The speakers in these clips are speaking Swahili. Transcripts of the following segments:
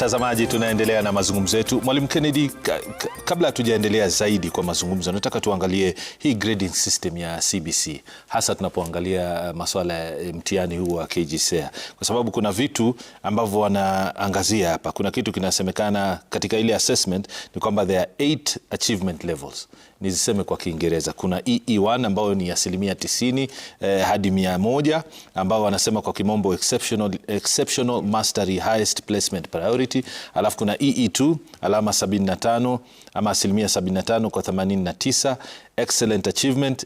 Mtazamaji, tunaendelea na mazungumzo yetu. Mwalimu Kennedy, kabla hatujaendelea zaidi kwa mazungumzo, nataka tuangalie hii grading system ya CBC, hasa tunapoangalia uh, maswala ya eh, mtihani huu wa KJSEA, kwa sababu kuna vitu ambavyo wanaangazia hapa. Kuna kitu kinasemekana katika ile assessment ni kwamba there are eight achievement levels niziseme kwa Kiingereza. Kuna EE1 ambayo ni asilimia 90 eh, hadi 100 ambao wanasema kwa kimombo exceptional, exceptional mastery highest placement priority, alafu kuna EE2 alama 75 ama asilimia 75 kwa 89. Excellent achievement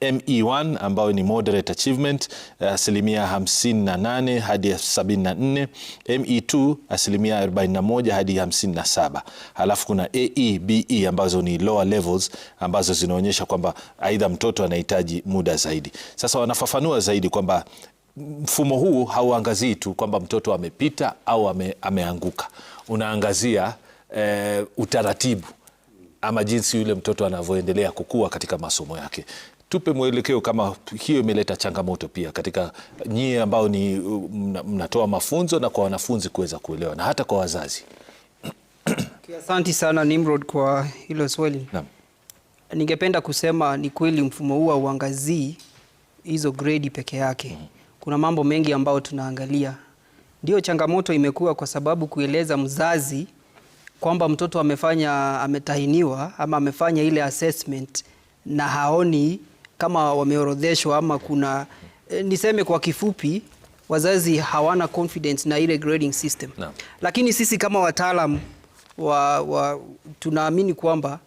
ME1 ambayo ni moderate achievement eh, asilimia 58 hadi 74. ME2 asilimia 41 hadi 57. Halafu kuna AE, BE ambazo ni lower levels ambazo zinaonyesha kwamba aidha mtoto anahitaji muda zaidi. Sasa wanafafanua zaidi kwamba mfumo huu hauangazii tu kwamba mtoto amepita au ame, ameanguka. Unaangazia e, utaratibu ama jinsi yule mtoto anavyoendelea kukua katika masomo yake. Tupe mwelekeo kama hiyo imeleta changamoto pia katika nyie ambao ni mnatoa mafunzo na kwa wanafunzi kuweza kuelewa na hata kwa wazazi. Asante sana Nimrod kwa hilo swali. Naam. Ningependa kusema ni kweli mfumo huu hauangazii hizo gredi peke yake. Mm-hmm. Kuna mambo mengi ambayo tunaangalia. Ndio changamoto imekuwa kwa sababu kueleza mzazi kwamba mtoto amefanya ametahiniwa ama amefanya ile assessment na haoni kama wameorodheshwa ama kuna e, niseme kwa kifupi wazazi hawana confidence na ile grading system no. Lakini sisi kama wataalam wa, wa, tunaamini kwamba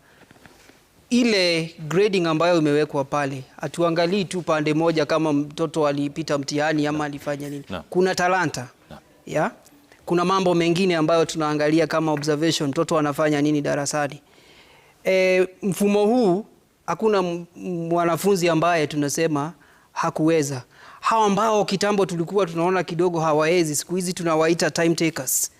ile grading ambayo imewekwa pale hatuangalii tu pande moja kama mtoto alipita mtihani ama alifanya nini no. Kuna talanta no. ya yeah? kuna mambo mengine ambayo tunaangalia kama observation, mtoto anafanya nini darasani. E, mfumo huu hakuna mwanafunzi ambaye tunasema hakuweza. Hawa ambao kitambo tulikuwa tunaona kidogo hawawezi, siku hizi tunawaita time takers.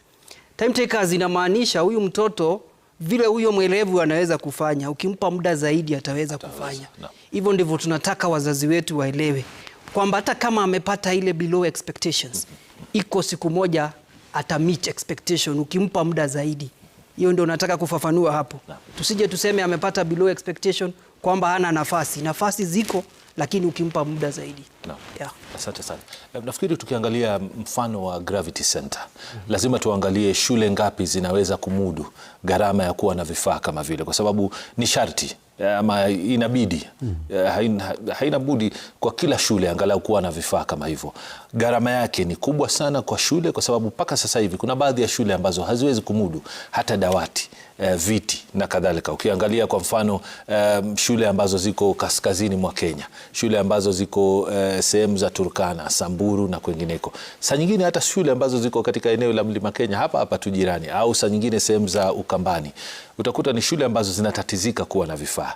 Time takers inamaanisha huyu mtoto vile huyo mwelevu anaweza kufanya, ukimpa muda zaidi ataweza kufanya. Hivyo no. ndivyo tunataka wazazi wetu waelewe kwamba hata kama amepata ile below expectations, iko siku moja ata meet expectation ukimpa muda zaidi. Hiyo ndio nataka kufafanua hapo, tusije tuseme amepata below expectation kwamba hana nafasi. Nafasi ziko lakini ukimpa muda zaidi no. Yeah. Asante sana. Eh, nafikiri tukiangalia mfano wa Gravity Center mm -hmm. lazima tuangalie shule ngapi zinaweza kumudu gharama ya kuwa na vifaa kama vile, kwa sababu ni sharti Eh, ama inabidi mm. Eh, haina, haina budi kwa kila shule angalau kuwa na vifaa kama hivyo. Gharama yake ni kubwa sana kwa shule, kwa sababu mpaka sasa hivi kuna baadhi ya shule ambazo haziwezi kumudu hata dawati Eh, viti na kadhalika. Ukiangalia kwa mfano eh, shule ambazo ziko kaskazini mwa Kenya, shule ambazo ziko eh, sehemu za Turkana, Samburu na kwingineko, saa nyingine hata shule ambazo ziko katika eneo la mlima Kenya hapa hapa tu jirani, au saa nyingine sehemu za Ukambani, utakuta ni shule ambazo zinatatizika kuwa na vifaa.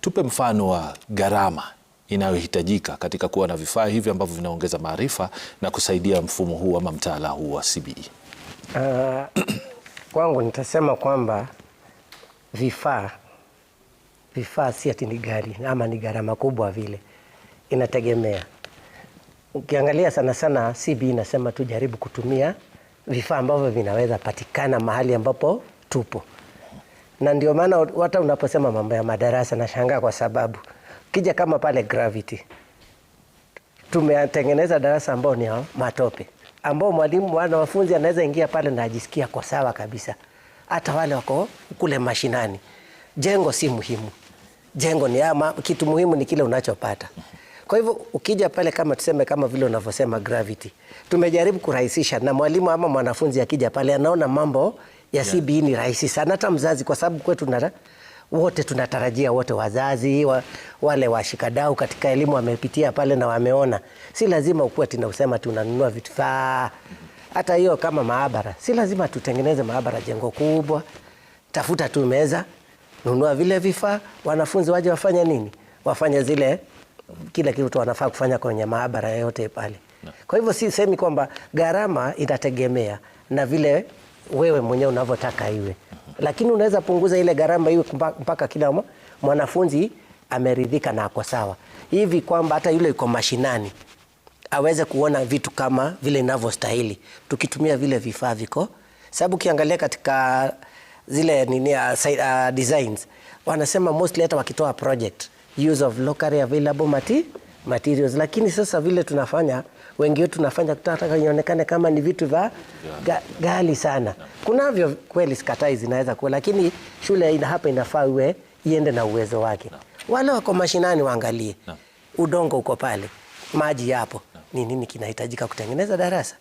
Tupe mfano wa gharama inayohitajika katika kuwa na vifaa hivi ambavyo vinaongeza maarifa na kusaidia mfumo huu ama mtaala huu wa CBE. Uh... Eh, kwangu nitasema kwamba vifaa vifaa si ati ni gari ama ni gharama kubwa vile, inategemea. Ukiangalia sana sana, CB inasema tujaribu kutumia vifaa ambavyo vinaweza patikana mahali ambapo tupo, na ndio maana hata unaposema mambo ya madarasa nashangaa, kwa sababu kija kama pale Gravity tumetengeneza darasa ambao ni matope ambao mwalimu na wanafunzi anaweza ingia pale na ajisikia kwa sawa kabisa, hata wale wako kule mashinani. Jengo si muhimu, jengo ni ama, kitu muhimu ni kile unachopata. Kwa hivyo ukija pale, kama tuseme, kama vile unavyosema gravity, tumejaribu kurahisisha, na mwalimu ama mwanafunzi akija pale anaona mambo ya CBE ni rahisi sana, hata mzazi, kwa sababu kwetu nara wote tunatarajia wote wazazi wa, wale washikadau katika elimu wamepitia pale na wameona, si lazima ukuwe tunausema tunanunua vifaa. Hata hiyo kama maabara, si lazima tutengeneze maabara jengo kubwa, tafuta tu meza, nunua vile vifaa, wanafunzi waje wafanye nini? Wafanye zile kila kitu wanafaa kufanya kwenye maabara yote pale. Kwa hivyo si semi kwamba gharama inategemea na vile wewe mwenyewe unavyotaka iwe lakini unaweza punguza ile gharama iwe mpaka kila mwanafunzi ameridhika na ako sawa, hivi kwamba hata yule yuko mashinani aweze kuona vitu kama vile inavyostahili, tukitumia vile vifaa viko. Sababu ukiangalia katika zile nini, uh, designs wanasema mostly hata wakitoa project use of locally available materials, lakini sasa vile tunafanya wengi wetu tunafanya kutaka ionekane kama ni vitu vya ga, sana. Kunavyo kweli, sikatai, zinaweza kuwa, lakini shule ina hapa inafaa iwe iende na uwezo wake. Wale wako mashinani waangalie, udongo uko pale, maji yapo, ni nini kinahitajika kutengeneza darasa?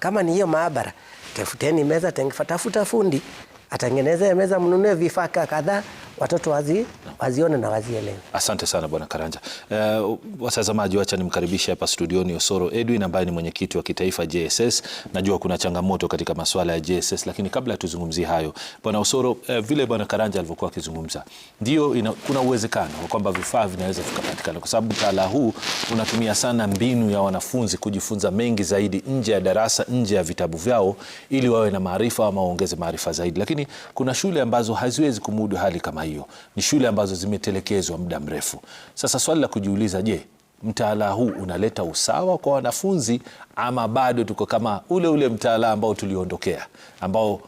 Kama ni hiyo maabara, tafuteni meza, tafuta fundi atengeneze meza, mnunue vifaa kadhaa, watoto wazi, wazione na wazielewe. Asante sana Bwana Karanja. Uh, watazamaji, wacha nimkaribishe hapa studioni Osoro Edwin ambaye ni mwenyekiti wa kitaifa JSS. Najua kuna changamoto katika masuala ya JSS, lakini kabla tuzungumzie hayo Bwana Osoro, uh, vile Bwana Karanja alivyokuwa akizungumza, ndio kuna uwezekano wa kwamba vifaa vinaweza vikapatikana, kwa sababu mtaala huu unatumia sana mbinu ya wanafunzi kujifunza mengi zaidi nje ya darasa, nje ya vitabu vyao, ili wawe na maarifa ama waongeze maarifa zaidi, lakini kuna shule ambazo haziwezi kumudu hali kama hii hiyo. Ni shule ambazo zimetelekezwa muda mrefu. Sasa swali la kujiuliza, je, mtaala huu unaleta usawa kwa wanafunzi ama bado tuko kama ule ule mtaala ambao tuliondokea, ambao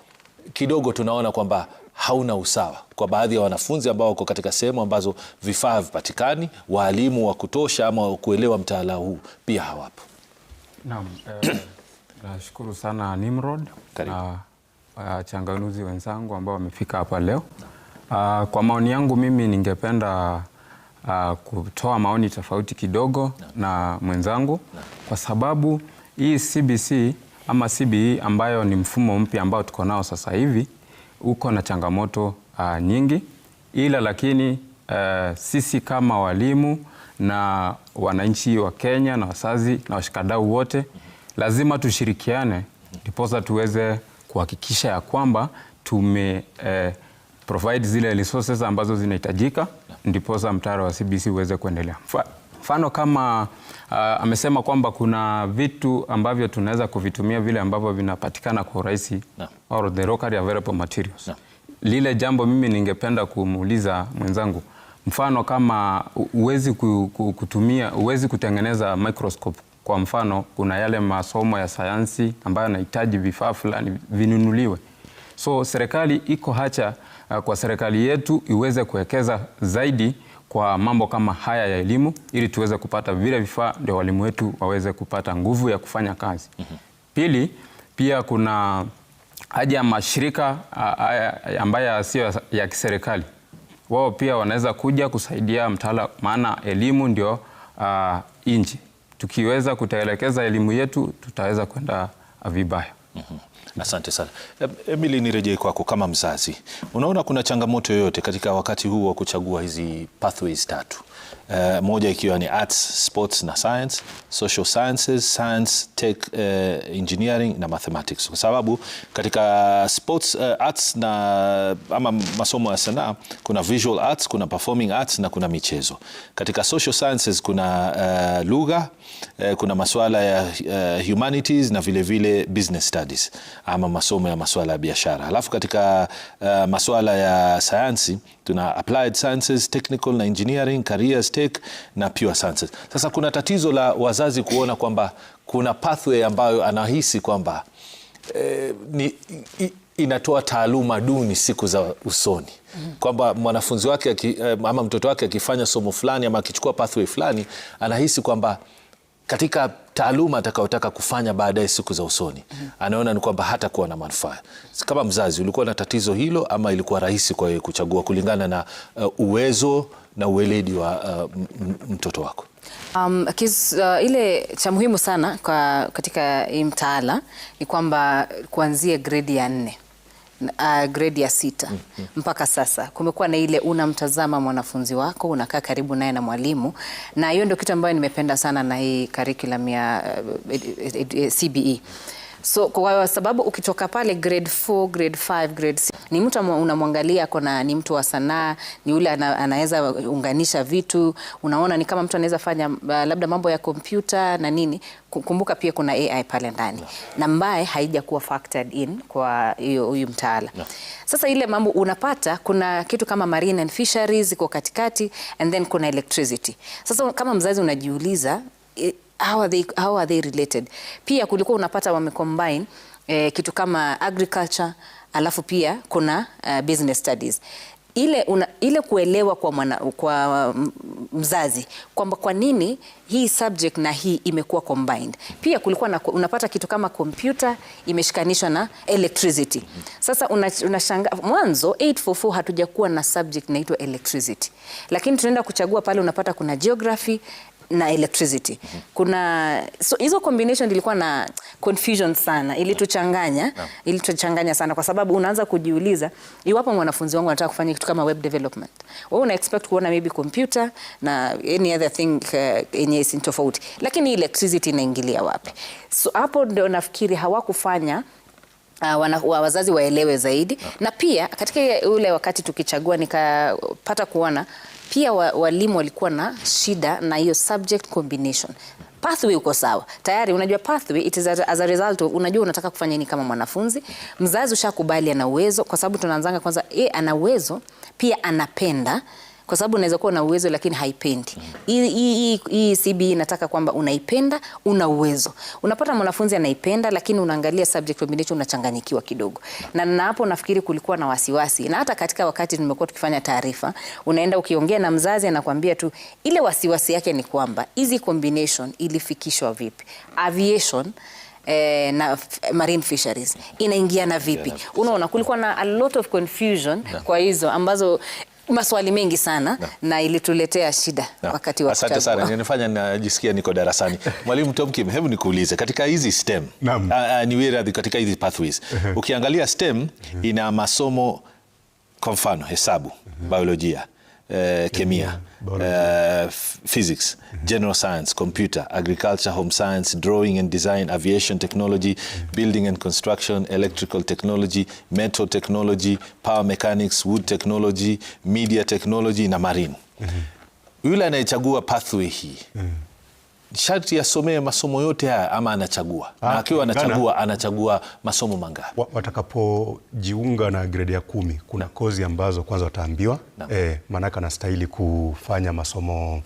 kidogo tunaona kwamba hauna usawa kwa baadhi ya wanafunzi ambao wako katika sehemu ambazo vifaa vipatikani, waalimu wa kutosha ama kuelewa mtaala huu pia hawapo. Naam, eh, nashukuru sana Nimrod na wachanganuzi ah, wenzangu ambao wamefika hapa leo. Uh, kwa maoni yangu mimi ningependa uh, kutoa maoni tofauti kidogo na, na mwenzangu na, kwa sababu hii CBC ama CBE ambayo ni mfumo mpya ambao tuko nao sasa hivi uko na changamoto uh, nyingi, ila lakini uh, sisi kama walimu na wananchi wa Kenya na wazazi na washikadau wote lazima tushirikiane ndiposa tuweze kuhakikisha ya kwamba tume uh, provide zile resources ambazo zinahitajika, ndiposa mtaro wa CBC uweze kuendelea. Mfano kama uh, amesema kwamba kuna vitu ambavyo tunaweza kuvitumia vile ambavyo vinapatikana kwa urahisi no. or the locally available materials no. Lile jambo mimi ningependa kumuuliza mwenzangu, mfano kama uwezi kutumia, uwezi kutengeneza microscope kwa mfano, kuna yale masomo ya sayansi ambayo yanahitaji vifaa fulani vinunuliwe, so serikali iko hacha Uh, kwa serikali yetu iweze kuwekeza zaidi kwa mambo kama haya ya elimu ili tuweze kupata vile vifaa ndio walimu wetu waweze kupata nguvu ya kufanya kazi. Mhm. Pili, pia kuna haja ya mashirika uh, ambayo sio ya kiserikali, wao pia wanaweza kuja kusaidia mtaala, maana elimu ndio uh, Tukiweza kutelekeza elimu yetu tutaweza kwenda vibaya. mm -hmm. Asante sana Emily, nirejee kwako kama mzazi, unaona kuna changamoto yoyote katika wakati huu wa kuchagua hizi pathways tatu? Uh, moja ikiwa ni arts, sports na science, social sciences, science, tech, uh, engineering na mathematics, kwa sababu katika sports, uh, arts na ama masomo ya sanaa kuna visual arts, kuna performing arts na kuna michezo. Katika social sciences kuna uh, lugha eh, kuna masuala ya uh, humanities na vilevile vile business studies ama masomo ya masuala ya biashara. alafu katika uh, eh, masuala ya sayansi tuna applied sciences, technical na engineering, careers tech na pure sciences. Sasa kuna tatizo la wazazi kuona kwamba kuna pathway ambayo anahisi kwamba eh, ni, i, inatoa taaluma duni siku za usoni kwamba mwanafunzi wake eh, ama mtoto wake akifanya somo fulani ama akichukua pathway fulani anahisi kwamba katika taaluma atakayotaka kufanya baadaye siku za usoni mm -hmm. Anaona ni kwamba hata kuwa na manufaa. Kama mzazi, ulikuwa na tatizo hilo ama ilikuwa rahisi kwa kuchagua kulingana na uh, uwezo na uweledi wa uh, mtoto wako? Um, kiz, uh, ile cha muhimu sana kwa katika hii mtaala ni kwamba kuanzie gredi ya nne uh, grade ya sita mm -hmm. Mpaka sasa kumekuwa na ile unamtazama mwanafunzi wako unakaa karibu naye na mwalimu, na hiyo ndio kitu ambayo nimependa sana na hii curriculum ya uh, CBE So kwa sababu ukitoka pale grade 4, grade 5, grade 6 ni mtu unamwangalia kona, ni mtu wa sanaa, ni yule ana, anaweza unganisha vitu, unaona ni kama mtu anaweza fanya uh, labda mambo ya kompyuta na nini. Kumbuka pia kuna AI pale ndani no. na mbaye haijakuwa factored in kwa hiyo huyu mtaala no. Sasa ile mambo unapata, kuna kitu kama marine and fisheries iko katikati, and then kuna electricity. Sasa kama mzazi unajiuliza how are they, how are they related? Pia kulikuwa unapata wamecombine eh, kitu kama agriculture alafu pia kuna uh, business studies ile, una, ile kuelewa kwa, mwana, kwa mm, mzazi kwamba kwa nini hii subject na hii imekuwa combined. Pia kulikuwa na, unapata kitu kama kompyuta imeshikanishwa na electricity. Sasa unashangaa una mwanzo 844 hatujakuwa na subject inaitwa electricity, lakini tunaenda kuchagua pale unapata kuna geography na electricity mm -hmm. Kuna so hizo combination ilikuwa na confusion sana, ilituchanganya yeah. Ilituchanganya sana kwa sababu unaanza kujiuliza iwapo mwanafunzi wangu anataka kufanya kitu kama web development, wewe una expect kuona maybe computer na any other thing uh, yenye uh, tofauti, lakini electricity inaingilia wapi? So hapo ndio nafikiri hawakufanya Uh, wana, wa wazazi waelewe zaidi okay. Na pia katika ule wakati tukichagua nikapata kuona pia walimu walikuwa na shida na hiyo subject combination. Pathway uko sawa tayari, unajua pathway it is as a result of, unajua unataka kufanya nini kama mwanafunzi. Mzazi ushakubali ana uwezo, kwa sababu tunaanzanga kwanza, e, ana uwezo pia anapenda kwa sababu unaweza kuwa na uwezo lakini haipendi. Hii CBE inataka kwamba unaipenda, una uwezo. Unapata mwanafunzi anaipenda, lakini unaangalia subject combination unachanganyikiwa kidogo, na na hapo nafikiri kulikuwa na wasiwasi, na hata katika wakati tumekuwa tukifanya taarifa, unaenda ukiongea na mzazi anakuambia tu ile wasiwasi yake ni kwamba hizi combination ilifikishwa vipi aviation Eh, na marine fisheries inaingiana vipi? Unaona, kulikuwa na a lot of confusion yeah, kwa hizo ambazo maswali mengi sana na, na ilituletea shida na, wakati wa asante sana inanifanya najisikia niko darasani. Mwalimu tomkim hebu nikuulize katika hizi STEM wiradhi katika hizi pathways ukiangalia STEM ina masomo kwa mfano hesabu, biolojia, Eh, kemia eh, physics general science computer agriculture home science drawing and design aviation technology building and construction electrical technology metal technology power mechanics wood technology media technology na marine mhm. yule anayechagua pathway hii mm sharti asomee masomo yote haya ama anachagua? Na ah, akiwa anachagua anachagua masomo mangapi? Watakapojiunga na gredi ya kumi kuna kozi ambazo kwanza wataambiwa eh, maanake anastahili kufanya masomo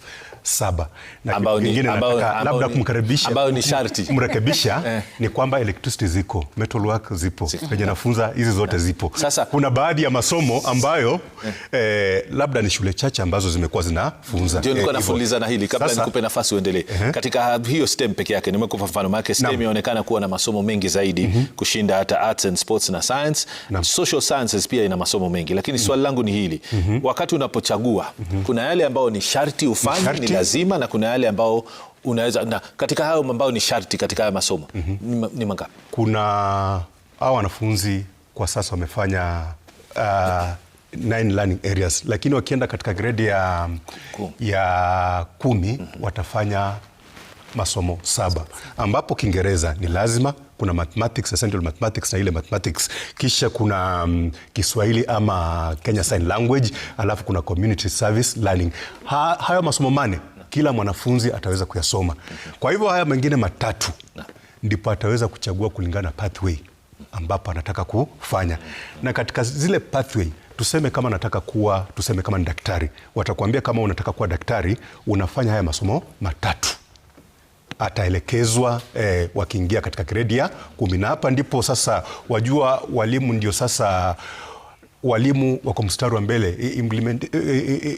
saba labda kumkaribisha ambao ni sharti kumrekebisha eh. ni kwamba electricity ziko, metal work zipo, hizi zote zipo. Sasa kuna baadhi ya masomo ambayo eh, eh labda ni shule chache ambazo zimekuwa zinafunza. Ndio nilikuwa eh, nafuliza na hili kabla nikupe nafasi uendelee. Uh-huh. Katika hiyo STEM peke yake nimekupa mfano STEM inaonekana kuwa na masomo mengi zaidi mhm. kushinda hata arts and sports na science. Social sciences pia ina masomo mengi, lakini mhm. swali langu ni hili, mhm. wakati unapochagua kuna yale ambayo ni sharti ufanye lazima na kuna yale ambao unaweza na katika hayo ambayo ni sharti katika haya masomo mm -hmm. ni mangapi? Kuna hao wanafunzi kwa sasa wamefanya uh, nine learning areas, lakini wakienda katika gredi ya, ya kumi mm -hmm. watafanya masomo saba ambapo Kiingereza ni lazima kuna mathematics na central mathematics na ile mathematics, kisha kuna um, Kiswahili ama Kenya Sign Language, alafu kuna community service learning. Ha, hayo masomo mane kila mwanafunzi ataweza kuyasoma. Kwa hivyo haya mengine matatu ndipo ataweza kuchagua kulingana na pathway ambapo anataka kufanya, na katika zile pathway tuseme kama nataka kuwa tuseme kama ni daktari, watakuambia kama unataka kuwa daktari unafanya haya masomo matatu ataelekezwa eh, wakiingia katika gredi ya kumi, na hapa ndipo sasa wajua, walimu ndio sasa walimu wako mstari wa mbele implement,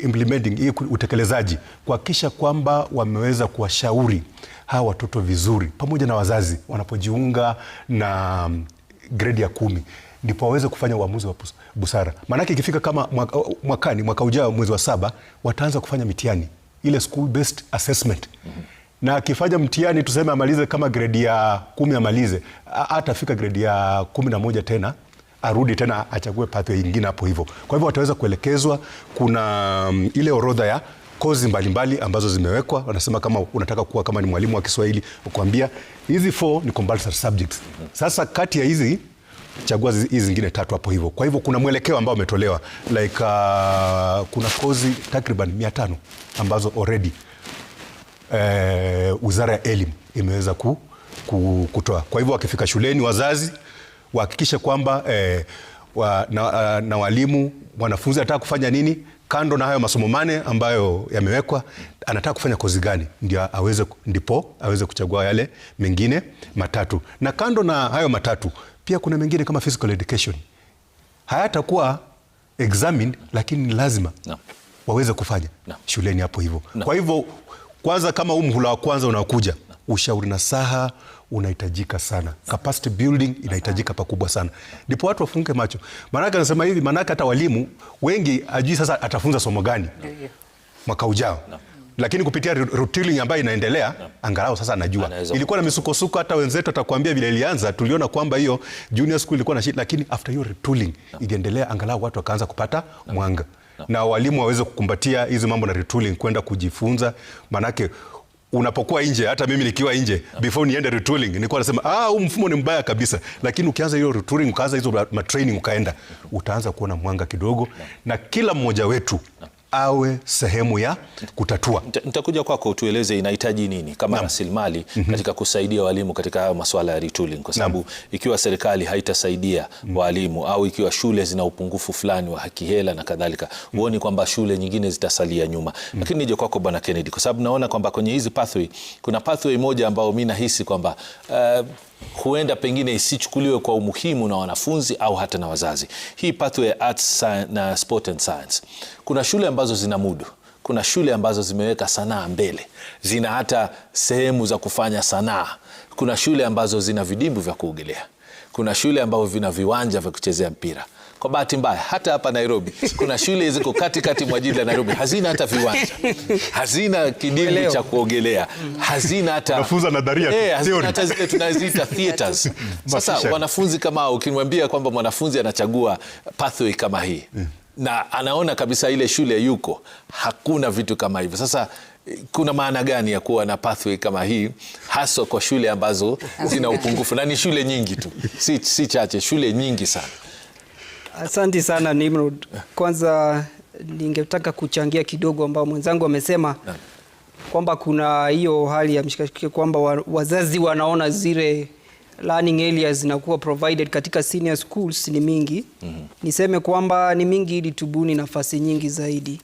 implementing hii utekelezaji, kuhakikisha kwamba wameweza kuwashauri hawa watoto vizuri, pamoja na wazazi wanapojiunga na mm, gredi ya kumi ndipo waweze kufanya uamuzi wa busara. Maanake ikifika kama mwakani mwaka ujao mwezi wa saba wataanza kufanya mitihani ile school based assessment. Mm -hmm na akifanya mtihani tuseme amalize kama gredi ya kumi amalize, atafika gredi ya kumi na moja tena arudi tena achague pathway ingine hapo hivyo. Kwa hivyo wataweza kuelekezwa, kuna mm, ile orodha ya kozi mbalimbali mbali ambazo zimewekwa. Wanasema kama unataka kuwa kama ni mwalimu wa Kiswahili, kuambia hizi four ni compulsory subjects. Sasa kati ya hizi chagua hizi zingine tatu hapo hivyo. Kwa hivyo kuna mwelekeo ambao umetolewa like uh, kuna kozi takriban mia tano ambazo already Eh, wizara eh, ya elimu imeweza ku, ku, kutoa. Kwa hivyo wakifika shuleni wazazi wahakikishe kwamba eh, wa, na, ah, na walimu wanafunzi anataka kufanya nini kando na hayo masomo mane ambayo yamewekwa, anataka kufanya kozi gani, ndio aweze ndipo aweze kuchagua yale mengine matatu. Na kando na hayo matatu, pia kuna mengine kama physical education hayatakuwa examined, lakini ni lazima no. waweze kufanya no. shuleni hapo hivyo no. kwa hivyo kwanza kama huu mhula wa kwanza unakuja, ushauri na saha unahitajika sana, capacity building inahitajika pakubwa sana, ndipo watu wafunge macho. Maanake anasema hivi, maanake hata walimu wengi ajui sasa atafunza somo gani mwaka ujao lakini kupitia routine ambayo inaendelea no. Angalau sasa anajua. Anaizo ilikuwa na misukosuko, hata wenzetu atakwambia vile ilianza, tuliona kwamba hiyo junior school ilikuwa na shida, lakini after hiyo retooling no. iliendelea, angalau watu wakaanza kupata no. mwanga na walimu waweze kukumbatia hizi mambo na retooling kwenda kujifunza, maanake unapokuwa nje, hata mimi nikiwa nje before niende retooling nilikuwa nasema ah, huu mfumo ni mbaya kabisa, lakini ukianza hiyo retooling ukaanza hizo training ukaenda, utaanza kuona mwanga kidogo na kila mmoja wetu awe sehemu ya kutatua. Nitakuja kwako tueleze inahitaji nini kama rasilimali mm -hmm. katika kusaidia walimu katika hayo masuala ya retooling, kwa sababu ikiwa serikali haitasaidia mm -hmm. walimu au ikiwa shule zina upungufu fulani wa haki hela na kadhalika, mhm. huoni mm -hmm. kwamba shule nyingine zitasalia nyuma mm -hmm. Lakini nije kwako Bwana Kennedy, kwa sababu naona kwamba kwenye hizi pathway kuna pathway moja ambayo mimi nahisi kwamba uh, huenda pengine isichukuliwe kwa umuhimu na wanafunzi au hata na wazazi. Hii pathway ya arts na sport and science, kuna shule ambazo zina mudu kuna shule ambazo zimeweka sanaa mbele, zina hata sehemu za kufanya sanaa. Kuna shule ambazo zina vidimbu vya kuogelea, kuna shule ambazo vina viwanja vya kuchezea mpira. Kwa bahati mbaya hata hapa Nairobi kuna shule ziko katikati mwa jiji la Nairobi hazina hata viwanja, hazina kidimbwi cha kuogelea, hazina hata nadharia eh, hata zile tunaziita theaters. Mm. Sasa wanafunzi kama hao, ukimwambia kwamba mwanafunzi anachagua pathway kama hii mm. na anaona kabisa ile shule yuko hakuna vitu kama hivyo, sasa eh, kuna maana gani ya kuwa na pathway kama hii haswa kwa shule ambazo zina upungufu? Na ni shule nyingi tu, si, si chache, shule nyingi sana. Asante sana Nimrod. Kwanza ningetaka kuchangia kidogo ambao mwenzangu amesema kwamba kuna hiyo hali ya mshikashike kwamba wazazi wanaona zile learning areas zinakuwa provided katika senior schools ni mingi. mm -hmm. Niseme kwamba ni mingi ili tubuni nafasi nyingi zaidi,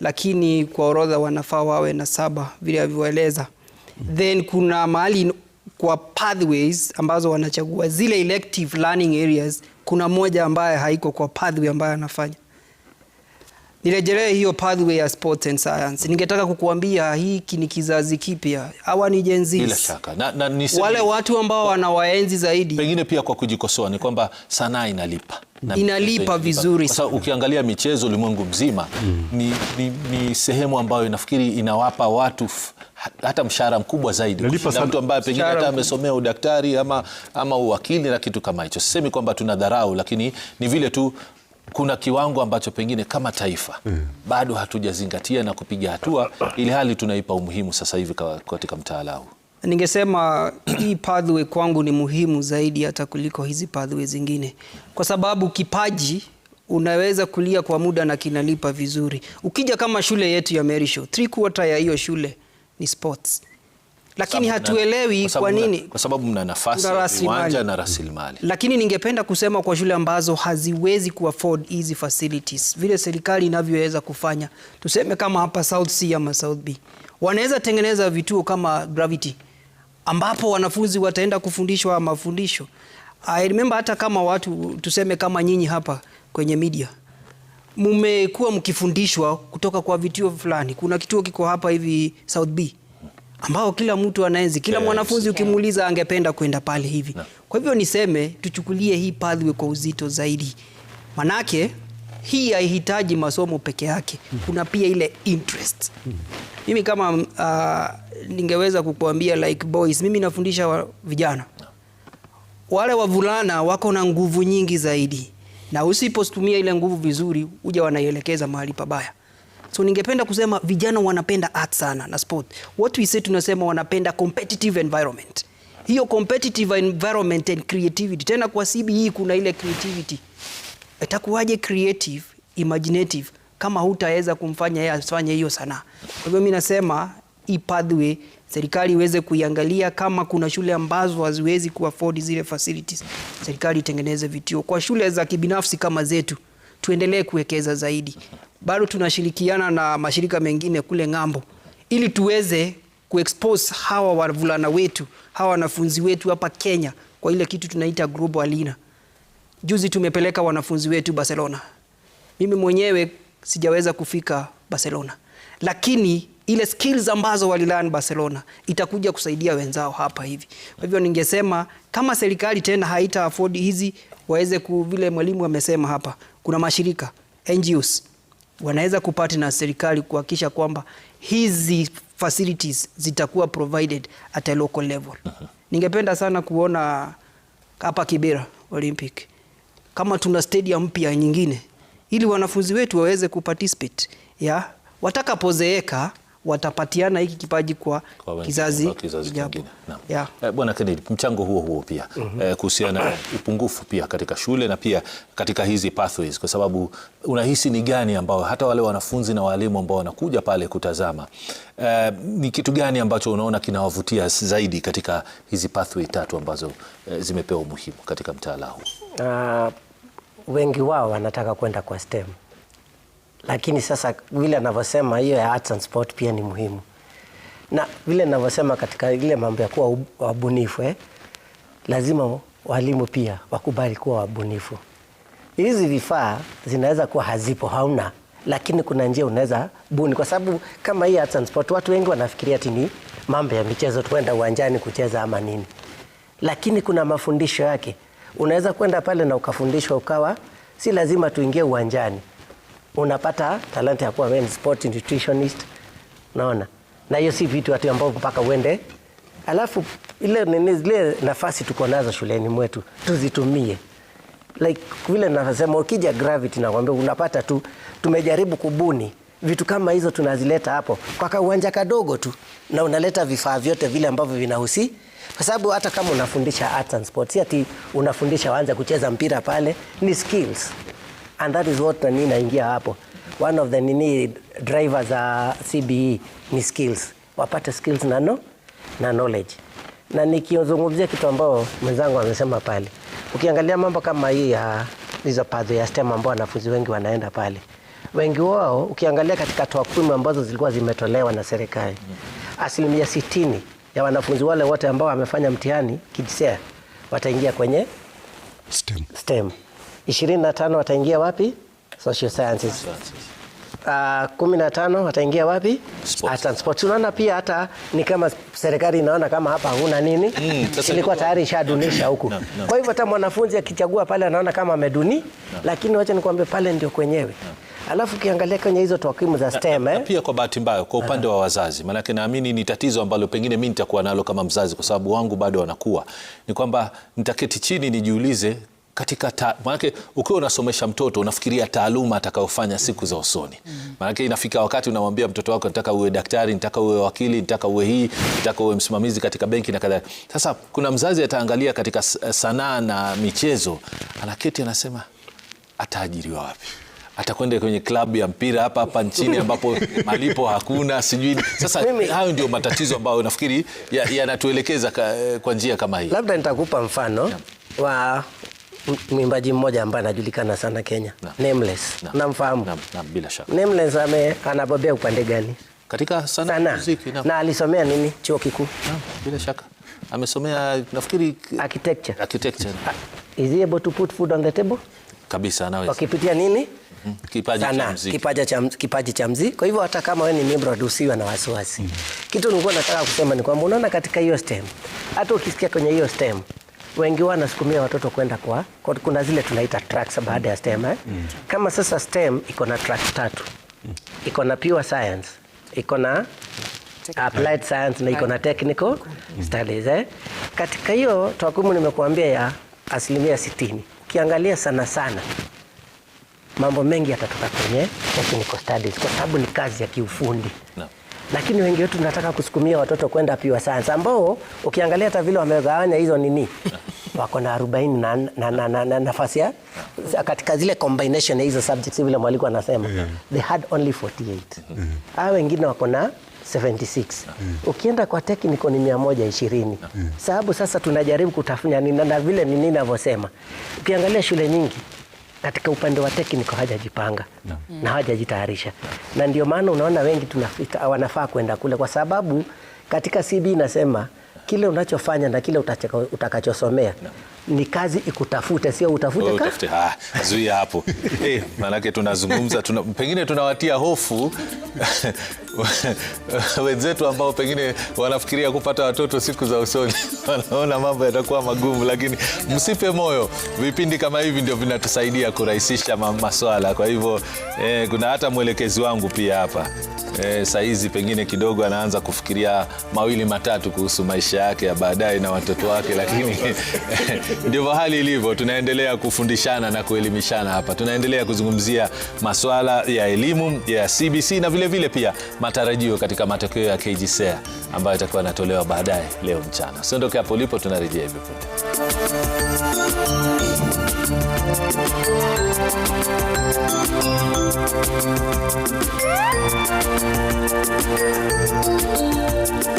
lakini kwa orodha wanafaa wawe na saba vile alivyoeleza. mm -hmm. Then kuna mahali kwa pathways ambazo wanachagua zile elective learning areas kuna moja ambaye haiko kwa padhi ambayo anafanya. Nirejelee hiyo pathway ya sports and science. Ningetaka kukuambia hiki ni kizazi kipya, hawa ni Gen Z. Bila shaka na, na, nisemi, wale watu ambao wanawaenzi zaidi, pengine pia kwa kujikosoa, ni kwamba sanaa inalipa na inalipa vizuri sana. Sasa ukiangalia michezo ulimwengu mzima mm, ni, ni, ni sehemu ambayo nafikiri inawapa watu hata mshahara mkubwa zaidi kushinda mtu ambaye pengine hata amesomea udaktari ama, ama uwakili na kitu kama hicho. Sisemi kwamba tuna dharau, lakini ni vile tu kuna kiwango ambacho pengine kama taifa mm. bado hatujazingatia na kupiga hatua, ili hali tunaipa umuhimu sasa hivi katika mtaala huu. Ningesema hii pathway kwangu ni muhimu zaidi hata kuliko hizi pathway zingine, kwa sababu kipaji unaweza kulia kwa muda na kinalipa vizuri. Ukija kama shule yetu ya Merisho, three quarter ya hiyo shule ni sports lakini sababu hatuelewi kwa nini, kwa sababu mna nafasi ya viwanja na rasilimali. Lakini ningependa kusema kwa shule ambazo haziwezi ku afford hizi facilities vile serikali inavyoweza kufanya, tuseme kama hapa South C ama South B, wanaweza tengeneza vituo kama Gravity ambapo wanafunzi wataenda kufundishwa mafundisho. I remember hata kama watu tuseme kama nyinyi hapa kwenye media mmekuwa mkifundishwa kutoka kwa vituo fulani. Kuna kituo kiko hapa hivi South B ambao kila mtu anaenzi, kila yes, mwanafunzi ukimuuliza angependa kwenda pale hivi no. Kwa hivyo niseme tuchukulie hii pathway kwa uzito zaidi, manake hii haihitaji masomo peke yake, kuna pia ile interest. Mimi kama uh, ningeweza kukuambia like boys, mimi nafundisha wa vijana wale wavulana wako na nguvu nyingi zaidi, na usipostumia ile nguvu vizuri, uja wanaielekeza mahali pabaya. So ningependa kusema vijana wanapenda art sana na sport. What we say tunasema wanapenda competitive environment. Hiyo competitive environment and creativity. Tena kwa CBE kuna ile creativity. Itakuwaje creative, imaginative kama hutaweza kumfanya yeye afanye hiyo sanaa. Kwa hivyo mimi nasema hii pathway serikali iweze kuiangalia kama kuna shule ambazo haziwezi kuafford zile facilities, serikali itengeneze vituo kwa shule za kibinafsi kama zetu tuendelee kuwekeza zaidi. Bado tunashirikiana na mashirika mengine kule ng'ambo ili tuweze kuexpose hawa wavulana wetu hawa wanafunzi wetu hapa Kenya kwa ile kitu tunaita Global Arena. Juzi tumepeleka wanafunzi wetu Barcelona. Mimi mwenyewe sijaweza kufika Barcelona, lakini ile skills ambazo walilearn Barcelona itakuja kusaidia wenzao hapa hivi. Kwa hivyo ningesema kama serikali tena haita afford hizi waweze ku, vile mwalimu amesema hapa, kuna mashirika NGOs wanaweza kupata na serikali kuhakikisha kwamba hizi facilities zitakuwa provided at a local level. Ningependa sana kuona hapa Kibera Olympic kama tuna stadium mpya nyingine ili wanafunzi wetu waweze kuparticipate ya watakapozeeka watapatiana hiki kipaji kwa, kwa kizazi, kizazi kingine. Yeah. Eh, bwana Kennedy, mchango huo huo pia mm -hmm. eh, kuhusiana na upungufu pia katika shule na pia katika hizi pathways, kwa sababu unahisi ni gani ambao hata wale wanafunzi na walimu ambao wanakuja pale kutazama eh, ni kitu gani ambacho unaona kinawavutia zaidi katika hizi pathway tatu ambazo eh, zimepewa umuhimu katika mtaala huu? Uh, wengi wao wanataka kwenda kwa STEM lakini sasa vile anavyosema hiyo ya arts and sport pia ni muhimu, na vile ninavyosema katika ile mambo ya kuwa wabunifu eh, lazima walimu pia wakubali kuwa wabunifu. Hizi vifaa zinaweza kuwa hazipo, hauna, lakini kuna njia unaweza buni, kwa sababu kama hii arts and sport, watu wengi wanafikiria ati ni mambo ya michezo, tuenda uwanjani kucheza ama nini, lakini kuna mafundisho yake. Unaweza kwenda pale na ukafundishwa, ukawa si lazima tuingie uwanjani unapata talanta ya kuwa wewe sport nutritionist, naona na hiyo si vitu hati ambao mpaka uende. Alafu ile nini, zile nafasi tuko nazo shuleni mwetu tuzitumie, like vile ninasema, ukija gravity nakwambia, unapata tu, tumejaribu kubuni vitu kama hizo, tunazileta hapo kwa kauwanja kadogo tu, na unaleta vifaa vyote vile ambavyo vinahusi kwa sababu hata kama unafundisha arts and sports, si ati unafundisha waanze kucheza mpira pale, ni skills and that is what nani naingia hapo one of the nini drivers a CBE ni skills, wapate skills na no, na knowledge. Na nikizungumzia kitu ambao mwenzangu amesema pale, ukiangalia mambo kama hii ya hizo pathway ya STEM ambao wanafunzi wengi wanaenda pale, wengi wao ukiangalia katika takwimu ambazo zilikuwa zimetolewa na serikali, asilimia sitini ya wanafunzi wale wote ambao wamefanya mtihani kijisea wataingia kwenye STEM. STEM ishirini na tano wataingia wapi? Social sciences. Uh, kumi na tano wataingia wapi? Sports. Tunaona pia hata ni kama serikali inaona kama hapa huna nini, mm, ilikuwa tayari ishadunisha huku. No, no. Kwa hivyo hata mwanafunzi akichagua pale anaona kama ameduni. No. Lakini wacha nikwambie pale ndio kwenyewe. No. Alafu ukiangalia kwenye hizo takwimu za STEM eh? pia kwa bahati mbaya kwa upande wa wazazi, maanake naamini ni tatizo ambalo pengine mimi nitakuwa nalo kama mzazi, kwa sababu wangu bado wanakuwa, ni kwamba nitaketi chini nijiulize katika ta, manake ukiwa unasomesha mtoto unafikiria taaluma atakayofanya siku za usoni. Manake inafika wakati unamwambia mtoto wako, nataka uwe daktari, nataka uwe wakili, nataka uwe hii, nataka uwe msimamizi katika benki na kadhalika. Sasa kuna mzazi ataangalia katika eh, sanaa na michezo, anaketi anasema, ataajiriwa wapi? Atakwenda kwenye klabu ya mpira hapa hapa nchini ambapo malipo hakuna, sijui. Sasa hayo ndio matatizo ambayo nafikiri yanatuelekeza ya eh, kwa njia kama hii. Labda nitakupa mfano yeah. wa mwimbaji mmoja ambaye anajulikana sana Kenya na. Nameless. Namfahamu na. na. na, bila shaka. Nameless ame anabobea upande gani? Katika sana, sana. Muziki na. na alisomea nini chuo kikuu? Bila shaka amesomea nafikiri architecture. Architecture. na. Ah, is he able to put food on the table? Kabisa anaweza. Wakipitia nini? Mm-hmm. Kipaji cha mziki. Kipaji cha mziki, kipaji cha mziki. Kwa hivyo hata kama wewe ni member usiwe na wasiwasi. Mm Kitu nilikuwa nataka kusema ni kwamba unaona katika hiyo stem. Hata ukisikia kwenye hiyo stem wengi wanasukumia watoto kwenda kwa, kwa kuna zile tunaita tracks baada ya STEM eh? mm. Kama sasa STEM iko na tracks tatu, mm. iko na pure science, iko na applied science na iko na technical mm. studies eh? Katika hiyo takwimu nimekuambia ya asilimia sitini, ukiangalia sana sana mambo mengi yatatoka kwenye technical studies kwa sababu ni kazi ya kiufundi no lakini wengi wetu tunataka kusukumia watoto kwenda pure science, ambao ukiangalia hata vile wamegawanya hizo nini wako na 40 na, na, na, na, na nafasi ya katika zile combination ya hizo subjects vile mwalimu anasema yeah. They had only 48 mm -hmm. Hao wengine wako na 76 mm. Mm-hmm. Ukienda kwa tekniko ni 120 mm. Mm-hmm. Sababu sasa tunajaribu kutafunya nini na vile ninavyosema, ukiangalia shule nyingi katika upande wa technical hawajajipanga no. na hawajajitayarisha, na ndio maana unaona wengi tunafika, wanafaa kwenda kule, kwa sababu katika CB inasema kile unachofanya na kile utakachosomea ni kazi ikutafute, sio utafute oh, Ah, zuia hapo eh, maanake tunazungumza tuna, pengine tunawatia hofu wenzetu ambao pengine wanafikiria kupata watoto siku za usoni wanaona mambo yatakuwa magumu, lakini msipe moyo. Vipindi kama hivi ndio vinatusaidia kurahisisha maswala. Kwa hivyo eh, kuna hata mwelekezi wangu pia hapa e, saizi pengine kidogo anaanza kufikiria mawili matatu kuhusu maisha yake ya baadaye na watoto wake, lakini ndivyo hali ilivyo. Tunaendelea kufundishana na kuelimishana hapa, tunaendelea kuzungumzia maswala ya elimu ya CBC na vilevile vile pia matarajio katika matokeo ya KJSEA ambayo itakuwa anatolewa baadaye leo mchana. siondoke hapo ulipo, tunarejea hivi punde. Ella se llama